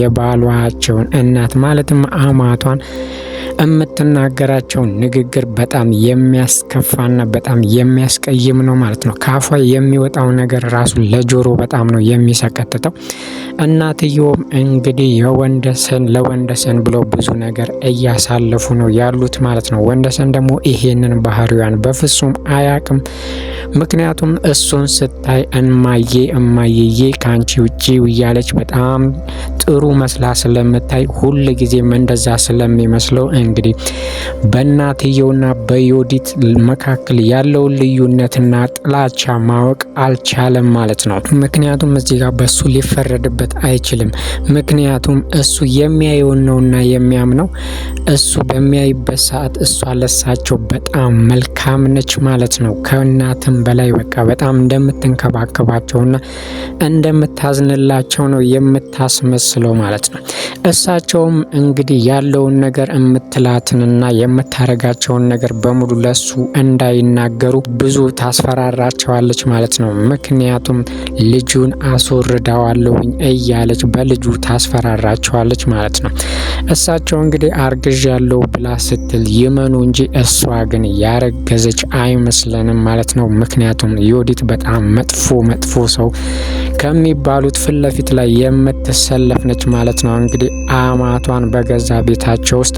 የባሏቸውን እናት ማለትም አማቷን የምትናገራቸው ንግግር በጣም የሚያስከፋና በጣም የሚያስቀይም ነው ማለት ነው። ከአፏ የሚወጣው ነገር ራሱ ለጆሮ በጣም ነው የሚሰቀጥተው። እናትየውም እንግዲህ የወንደሰን ለወንደሰን ብለው ብዙ ነገር እያሳለፉ ነው ያሉት ማለት ነው። ወንደሰን ደግሞ ይሄንን ባህሪዋን በፍጹም አያቅም። ምክንያቱም እሱን ስታይ እማዬ እማዬዬ ከአንቺ ውጪ እያለች በጣም ጥሩ መስላ ስለምታይ ሁልጊዜም እንደዛ ስለሚመስለው እንግዲህ በእናትየውና በዮዲት መካከል ያለውን ልዩነትና ጥላቻ ማወቅ አልቻለም ማለት ነው። ምክንያቱም እዚህ ጋር በሱ ሊፈረድበት አይችልም። ምክንያቱም እሱ የሚያየውን ነውና የሚያምነው እሱ በሚያይበት ሰዓት እሷ ለሳቸው በጣም መልካም ነች ማለት ነው። ከእናትም በላይ በቃ በጣም እንደምትንከባከባቸውና እንደምታዝንላቸው ነው የምታስመስለው ማለት ነው። እሳቸውም እንግዲህ ያለውን ነገር እምታ የምትላትንና የምታረጋቸውን ነገር በሙሉ ለሱ እንዳይናገሩ ብዙ ታስፈራራቸዋለች ማለት ነው። ምክንያቱም ልጁን አስወርዳዋለሁኝ እያለች በልጁ ታስፈራራቸዋለች ማለት ነው። እሳቸው እንግዲህ አርግዥ ያለው ብላ ስትል ይመኑ እንጂ እሷ ግን ያረገዘች አይመስለንም ማለት ነው። ምክንያቱም ዮዲት በጣም መጥፎ መጥፎ ሰው ከሚባሉት ፊት ለፊት ላይ የምትሰለፍ ነች ማለት ነው። እንግዲህ አማቷን በገዛ ቤታቸው ውስጥ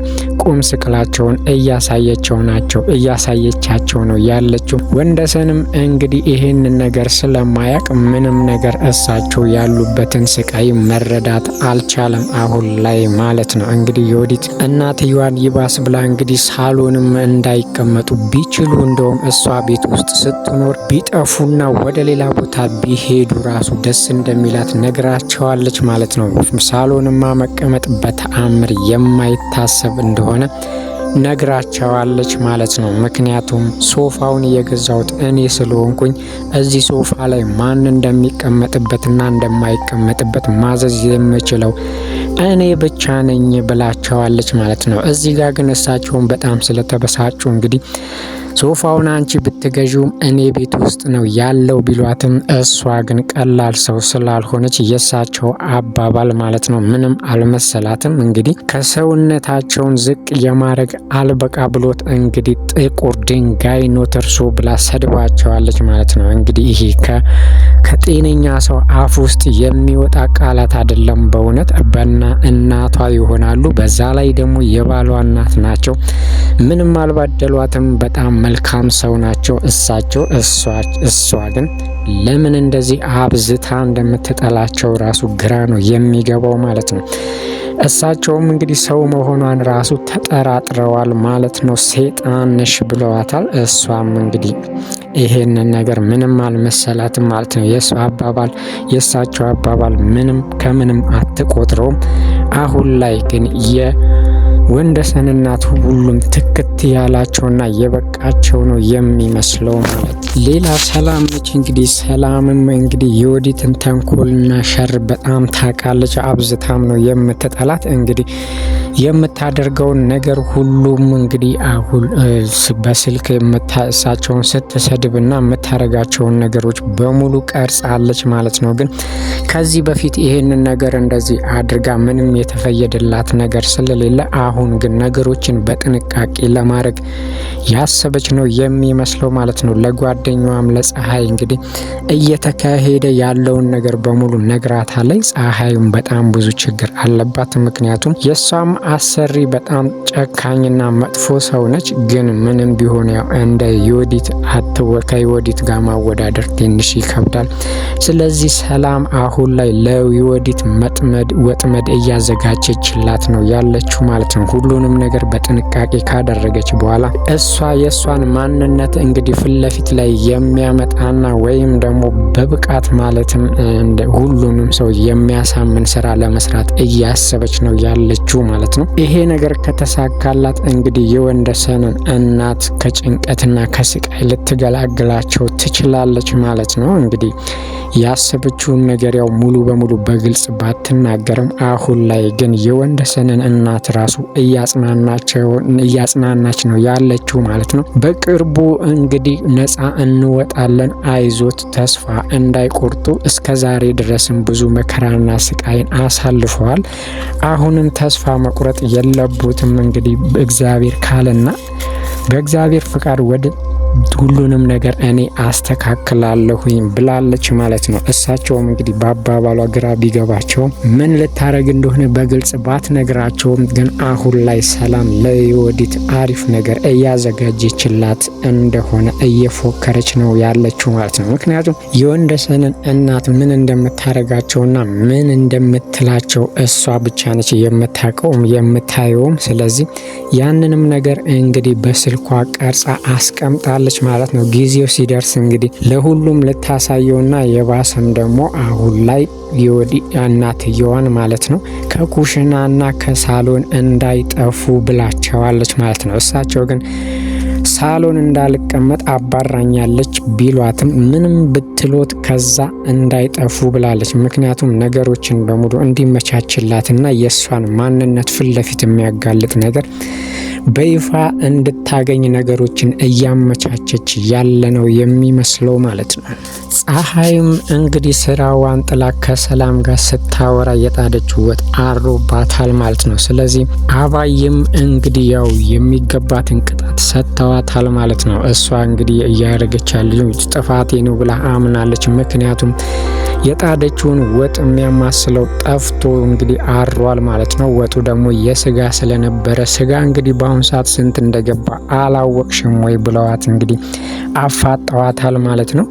የቁም ስቅላቸውን እያሳየቸው ናቸው እያሳየቻቸው ነው ያለችው። ወንደሰንም እንግዲህ ይህንን ነገር ስለማያቅ ምንም ነገር እሳቸው ያሉበትን ስቃይ መረዳት አልቻለም አሁን ላይ ማለት ነው። እንግዲህ የወዲት እናትየዋን ይባስ ብላ እንግዲህ ሳሎንም እንዳይቀመጡ ቢችሉ እንደውም እሷ ቤት ውስጥ ስትኖር ቢጠፉና ወደ ሌላ ቦታ ቢሄዱ ራሱ ደስ እንደሚላት ነግራቸዋለች ማለት ነው። ሳሎንማ መቀመጥ በተአምር የማይታሰብ እንደሆነ እንደሆነ ነግራቸዋለች ማለት ነው። ምክንያቱም ሶፋውን የገዛሁት እኔ ስለሆንኩኝ እዚህ ሶፋ ላይ ማን እንደሚቀመጥበትና እንደማይቀመጥበት ማዘዝ የምችለው እኔ ብቻ ነኝ ብላቸዋለች ማለት ነው። እዚህ ጋር ግን እሳቸውን በጣም ስለተበሳጩ እንግዲህ ሶፋውን አንቺ ብትገዥውም እኔ ቤት ውስጥ ነው ያለው ቢሏትም እሷ ግን ቀላል ሰው ስላልሆነች የእሳቸው አባባል ማለት ነው ምንም አልመሰላትም። እንግዲህ ከሰውነታቸውን ዝቅ የማድረግ አልበቃ ብሎት እንግዲህ ጥቁር ድንጋይ ኖት እርሶ ብላ ሰድባቸዋለች ማለት ነው። እንግዲህ ይሄ ከጤነኛ ሰው አፍ ውስጥ የሚወጣ ቃላት አይደለም። በእውነት በና እናቷ ይሆናሉ። በዛ ላይ ደግሞ የባሏ እናት ናቸው። ምንም አልባደሏትም። በጣም መልካም ሰው ናቸው እሳቸው። እሷ ግን ለምን እንደዚህ አብዝታ እንደምትጠላቸው ራሱ ግራ ነው የሚገባው ማለት ነው። እሳቸውም እንግዲህ ሰው መሆኗን ራሱ ተጠራጥረዋል ማለት ነው። ሴጣን ነሽ ብለዋታል። እሷም እንግዲህ ይሄንን ነገር ምንም አልመሰላትም ማለት ነው። የእሱ አባባል የእሳቸው አባባል ምንም ከምንም አትቆጥረውም። አሁን ላይ ግን የ ወንደሰንናት ሁሉም ትክት ያላቸውና የበቃቸው ነው የሚመስለው ማለት ሌላ ሰላም ነች እንግዲህ ሰላምም እንግዲህ የወዲትን ተንኮልና ሸር በጣም ታውቃለች። አብዝታም ነው የምትጠላት እንግዲህ የምታደርገውን ነገር ሁሉም እንግዲህ አሁን በስልክ የምታእሳቸውን ስትሰድብና የምታደርጋቸውን ነገሮች በሙሉ ቀርጻለች ማለት ነው። ግን ከዚህ በፊት ይህንን ነገር እንደዚህ አድርጋ ምንም የተፈየደላት ነገር ስለሌለ አሁን አሁን ግን ነገሮችን በጥንቃቄ ለማድረግ ያሰበች ነው የሚመስለው ማለት ነው። ለጓደኛዋም ለፀሐይ እንግዲህ እየተካሄደ ያለውን ነገር በሙሉ ነግራታለች። ፀሐይም በጣም ብዙ ችግር አለባት። ምክንያቱም የእሷም አሰሪ በጣም ጨካኝና መጥፎ ሰው ነች። ግን ምንም ቢሆን ያው እንደ ዮዲት ከዮዲት ጋር ማወዳደር ትንሽ ይከብዳል። ስለዚህ ሰላም አሁን ላይ ለዮዲት መጥመድ ወጥመድ እያዘጋጀችላት ነው ያለችው ማለት ነው። ሁሉንም ነገር በጥንቃቄ ካደረገች በኋላ እሷ የእሷን ማንነት እንግዲህ ፊት ለፊት ላይ የሚያመጣና ወይም ደግሞ በብቃት ማለትም ሁሉንም ሰው የሚያሳምን ስራ ለመስራት እያሰበች ነው ያለችው ማለት ነው። ይሄ ነገር ከተሳካላት እንግዲህ የወንደሰንን እናት ከጭንቀትና ከስቃይ ልትገላግላቸው ትችላለች ማለት ነው። እንግዲህ ያሰበችውን ነገር ያው ሙሉ በሙሉ በግልጽ ባትናገርም አሁን ላይ ግን የወንደሰንን እናት ራሱ እያጽናናች ነው ያለችው ማለት ነው። በቅርቡ እንግዲህ ነፃ እንወጣለን፣ አይዞት፣ ተስፋ እንዳይቆርጡ። እስከ ዛሬ ድረስም ብዙ መከራና ስቃይን አሳልፈዋል። አሁንም ተስፋ መቁረጥ የለቡትም እንግዲህ እግዚአብሔር ካለና በእግዚአብሔር ፍቃድ ወደ ሁሉንም ነገር እኔ አስተካክላለሁኝ ብላለች ማለት ነው። እሳቸውም እንግዲህ በአባባሏ ግራ ቢገባቸውም ምን ልታደረግ እንደሆነ በግልጽ ባትነግራቸውም ግን አሁን ላይ ሰላም ለዮዲት አሪፍ ነገር እያዘጋጀችላት እንደሆነ እየፎከረች ነው ያለችው ማለት ነው። ምክንያቱም የወንደሰንን እናት ምን እንደምታደረጋቸውና ምን እንደምትላቸው እሷ ብቻ ነች የምታውቀውም የምታየውም። ስለዚህ ያንንም ነገር እንግዲህ በስልኳ ቀርጻ አስቀምጣ ትሆናለች ማለት ነው። ጊዜው ሲደርስ እንግዲህ ለሁሉም ልታሳየውና የባሰም ደግሞ አሁን ላይ የወዲ እናትየዋን ማለት ነው ከኩሽናና ከሳሎን እንዳይጠፉ ብላቸዋለች ማለት ነው። እሳቸው ግን ሳሎን እንዳልቀመጥ አባራኛለች ቢሏትም ምንም ጥሎት ከዛ እንዳይጠፉ ብላለች። ምክንያቱም ነገሮችን በሙሉ እንዲመቻችላትና የእሷን ማንነት ፊት ለፊት የሚያጋልጥ ነገር በይፋ እንድታገኝ ነገሮችን እያመቻቸች ያለ ነው የሚመስለው ማለት ነው። ፀሐይም እንግዲህ ስራዋን ጥላ ከሰላም ጋር ስታወራ የጣደች ወጥ አሮባታል ማለት ነው። ስለዚህ አባይም እንግዲህ ያው የሚገባትን ቅጣት ሰጥተዋታል ማለት ነው። እሷ እንግዲህ እያደረገች ያለችው ጥፋቴ ነው ብላ አምና ታምናለች። ምክንያቱም የጣደችውን ወጥ የሚያማስለው ጠፍቶ እንግዲህ አሯል ማለት ነው። ወጡ ደግሞ የስጋ ስለነበረ ስጋ እንግዲህ በአሁኑ ሰዓት ስንት እንደገባ አላወቅሽም ወይ ብለዋት እንግዲህ አፋጠዋታል ማለት ነው።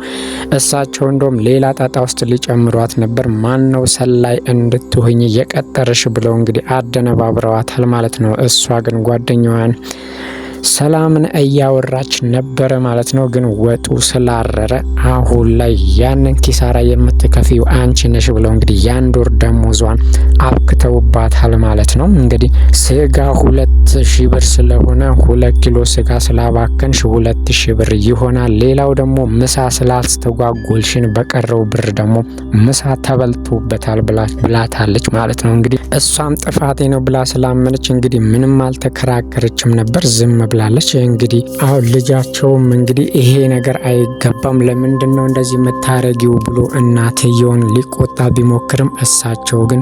እሳቸው እንደውም ሌላ ጣጣ ውስጥ ሊጨምሯት ነበር። ማን ነው ሰላይ እንድትሆኝ የቀጠረሽ ብለው እንግዲህ አደነባብረዋታል ማለት ነው። እሷ ግን ጓደኛዋን ሰላምን እያወራች ነበረ ማለት ነው። ግን ወጡ ስላረረ አሁን ላይ ያንን ኪሳራ የምትከፊው አንቺ ነሽ ብለው እንግዲህ የአንድ ወር ደሞዟን አብክተውባታል ማለት ነው። እንግዲህ ስጋ ሁለት ሺ ብር ስለሆነ ሁለት ኪሎ ስጋ ስላባከንሽ ሁለት ሺ ብር ይሆናል። ሌላው ደግሞ ምሳ ስላስተጓጎልሽን በቀረው ብር ደግሞ ምሳ ተበልቶበታል ብላታለች ማለት ነው። እንግዲህ እሷም ጥፋቴ ነው ብላ ስላመነች እንግዲህ ምንም አልተከራከረችም ነበር ዝም ብላ ብላለች። እንግዲህ አሁን ልጃቸውም እንግዲህ ይሄ ነገር አይገባም፣ ለምንድን ነው እንደዚህ የምታረጊው ብሎ እናትየውን ሊቆጣ ቢሞክርም እሳቸው ግን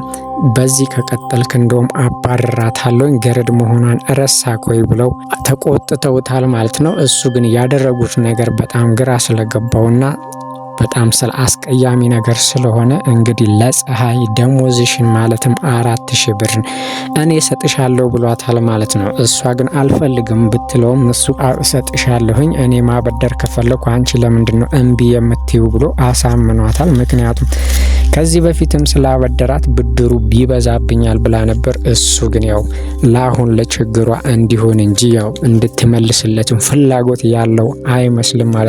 በዚህ ከቀጠልክ እንደውም አባረራታለሁ ገረድ መሆኗን ረሳክ ኮይ ብለው ተቆጥተውታል ማለት ነው። እሱ ግን ያደረጉት ነገር በጣም ግራ ስለገባውና በጣም ስለ አስቀያሚ ነገር ስለሆነ እንግዲህ ለፀሐይ ደሞዝሽን ማለትም አራት ሺ ብር እኔ ሰጥሻለሁ ብሏታል ማለት ነው። እሷ ግን አልፈልግም ብትለውም እሱ ሰጥሻለሁኝ እኔ ማበደር ከፈለኩ አንቺ ለምንድን ነው እምቢ የምትዩ ብሎ አሳምኗታል። ምክንያቱም ከዚህ በፊትም ስላበደራት ብድሩ ቢበዛብኛል ብላ ነበር። እሱ ግን ያው ለአሁን ለችግሯ እንዲሆን እንጂ ያው እንድትመልስለትም ፍላጎት ያለው አይመስልም ማለት